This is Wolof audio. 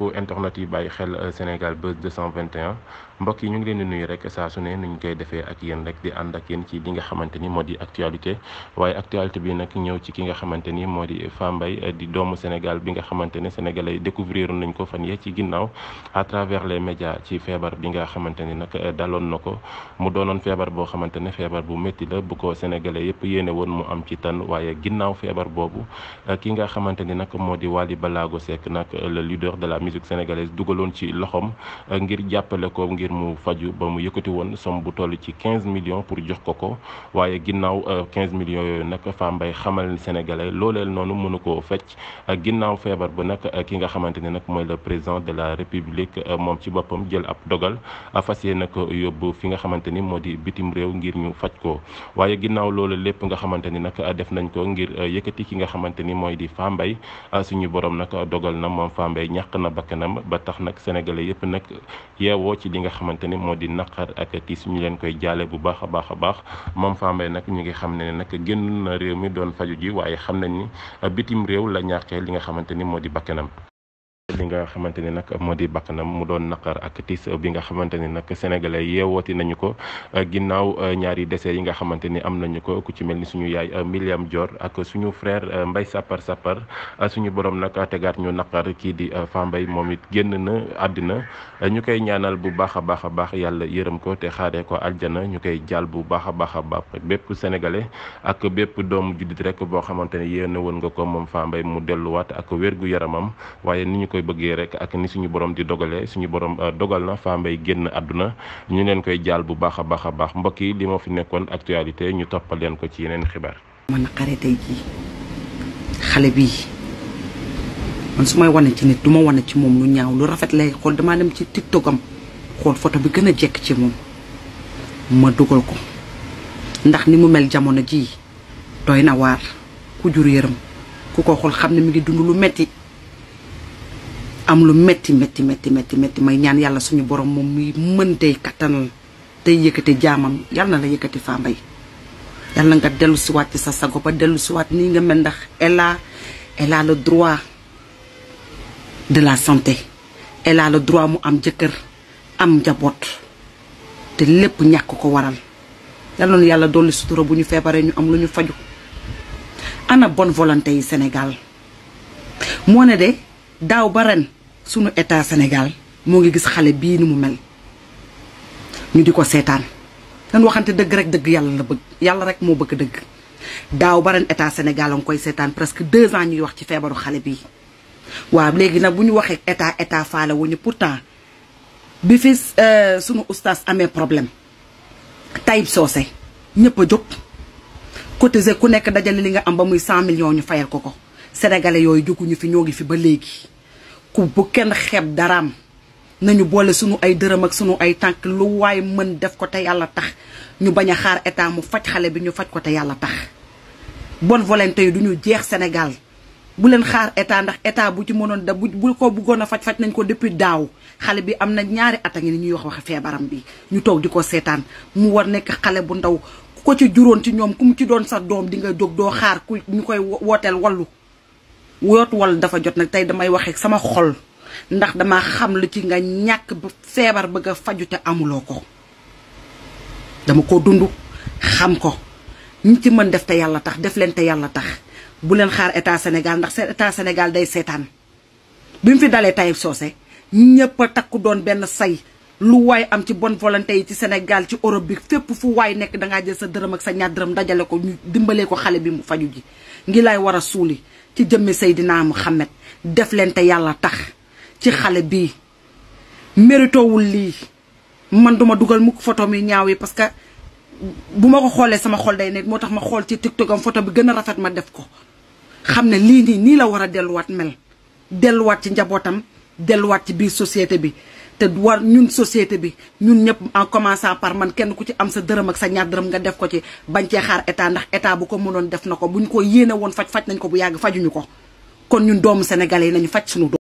mbokku internet yi bàyyi xel euh, Sénégal Buzz 221 mbokk yi ñu ngi leen di nuyu rek saa su ne nu ci ni moo di actualité waaye actualité bi nga xamante ni moo di Fambaye euh, di doomu Sénégal ko fan yee ci ginnaaw à travers les médias ci feebar bi nga xamante ni nag euh, daloon na ko mu doonoon feebar boo xamante ne feebar bu métti la bu ko sénégalais yëpp yéene woon mu am ci tan waaye ginnaaw feebar boobu ki nga xamante ni nag moo di Wally Ballago Seck nag le leader de la musique sénégalaise dugaloon ci loxoom euh, ngir jàppale ko ngir mu faju ba mu yëkkati woon som bu toll ci 15 millions pour jox ko ko waaye ginnaaw 15 euh, millions yooyu nag Fa Mbaye xamal sénégalais looleel noonu mënu koo fecc euh, ginnaaw feebar ba nag ki nga xamante ne nag mooy le président de la république moom ci boppam jël ab dogal fas yéene ko yóbbu fi nga xamante ni moo di bitim réew ngir ñu faj ko waaye ginnaaw loolu lépp nga xamante ni nag def nañ ko ngir yëkkati ki nga xamante ni mooy di Fa Mbaye suñu bakkanam ba tax nag sénégalais yëpp nag yeewoo ci li nga xamante ni moo di naqar ak su ñu leen koy jaalee bu baax a baax a baax moom Fambaye nag ñu ngi xam ne nag génn na réew mi doon faju ji waaye xam nañ ni bitim réew la ñàkkee li nga xamante ni moo di bakkanam li nga xamante ni nag moo di bakkanam mu doon naqar ak tiis bi nga xamante ni nag sénégalais wooti nañu ko euh, ginnaaw euh, ñaari décès yi nga xamante ni am nañu ko ku ci mel ni suñu yaay William euh, joor ak suñu frère Mbaye Sapar Sapar suñu borom nag tegaat ñu naqar kii di Fambaye moom it génn na àddina ñu koy ñaanal bu baax a baax a baax yàlla yërëm ko te xaaree ko aljana ñu koy jaal bu baax a baax a baax bépp sénégalais ak bépp doomu juddit rek boo xamante ne yéen woon nga ko moom Fambaye mu delluwaat ak wér gu koy bëggee rek ak ni suñu borom di dogalee suñu borom euh, dogal na Fa Mbaye génn àdduna ñu leen koy jaal bu baax a baax a baax mbokk yi li moo fi nekkoon actualité ñu toppal leen ko ci yeneen xibaar. man xare tey jii xale bii su may wane ci nit du ma wane ci moom lu ñaaw lu rafet lay xool damaa dem ci tiktok am xool photo bi gën a jekk ci moom ma dugal ko ndax ni mu mel jamono jii doy na waar ku jur yërëm ku ko xool xam ne mi ngi dund lu metti am lu metti metti metti metti metti may ñaan yàlla suñu borom moom muy mën tey kattanal tey yëkkati jaamam yàlla na la yëkkati Fa Mbaye yàlla nga dellu siwaat ci sa sago ba dellu siwaat nii nga mel ndax elle a elle droit de la santé elle a droit mu am jëkkër am njaboot te lépp ñàkk ko waral yàlla na yàlla dolli sutura bu ñu feebaree ñu am lu ñu faju ana bon volonté yi Sénégal moo ne de daaw ba ren sunu état Sénégal moo ngi gis xale bii ni mu mel ñu di ko seetaan nan waxante dëgg rek dëgg yàlla la bëgg yàlla rek moo bëgg dëgg daaw ba ren état Sénégal ngi koy seetaan presque deux ans ñuy wax ci feebaru xale bii. waaw léegi nag bu ñu waxee état état faale wuñu pourtant bi fi euh, sunu ustaas amee problème Taïb soose ñëpp a jóg cotiser ku nekk dajale li nga am ba muy cent million ñu fayal ko ko sénégalais yooyu juguñu fi ñoo ngi fi ba léegi. ku bu kenn xeeb daraam nañu boole sunu ay dërëm ak sunu ay tànk lu waay mën def ko te yàlla tax ñu bañ a xaar état mu faj xale bi ñu faj ko te yàlla tax bonne volonté yi du ñu jeex Sénégal bu leen xaar état ndax état bu ci mënoon da bu ko bëggoon a faj faj nañ ko depuis daaw xale bi am na ñaari at ngi ni ñuy wax wax feebaram bi ñu toog di ko seetaan mu war nekk xale bu ndaw ku ko ci juróon ci ñoom ku mu ci doon sa doom di nga jóg doo xaar ku ñu koy wooteel wallu woot wal dafa jot nag tey damay waxee sama xol ndax dama xam lu ci nga ñàkk ba feebar bëgg faju te amuloo ko dama ko dund xam ko ñi ci mën def te yàlla tax def leen te yàlla tax bu leen xaar état senegal ndax seen état Sénégal day seetaan bi mu fi dalee Taïb soose ñëpp a takku doon benn say lu waay am ci bon volonté yi ci senegal ci Europe bi fépp fu waay nekk dangaa jël sa dërëm ak sa ñaar dërëm dajale ko ñu dimbalee ko xale bi mu faju ji ngi lay war a suuli ci jëmmi Seydina Muhammad def leen te yàlla tax ci xale bi méritowul lii man duma dugal mukk photo mi ñaaw yi parce que bu ma ko xoolee sama xol day nekk moo tax ma xool ci TikTok am photo bi gën a rafet ma def ko xam ne lii nii nii la war a delluwaat mel delluwaat ci njabootam delluwaat ci biir société bi te war ñun société bi ñun ñëpp en commençant par man kenn ku ci am sa dërëm ak sa ñaar dërëm nga def ko ci bañ cee état ndax état bu ko mënoon def na ko buñ ko yéene woon faj faj nañ ko bu yàgg fajuñu ko kon ñun doomu sénégalais yi nañu faj suñu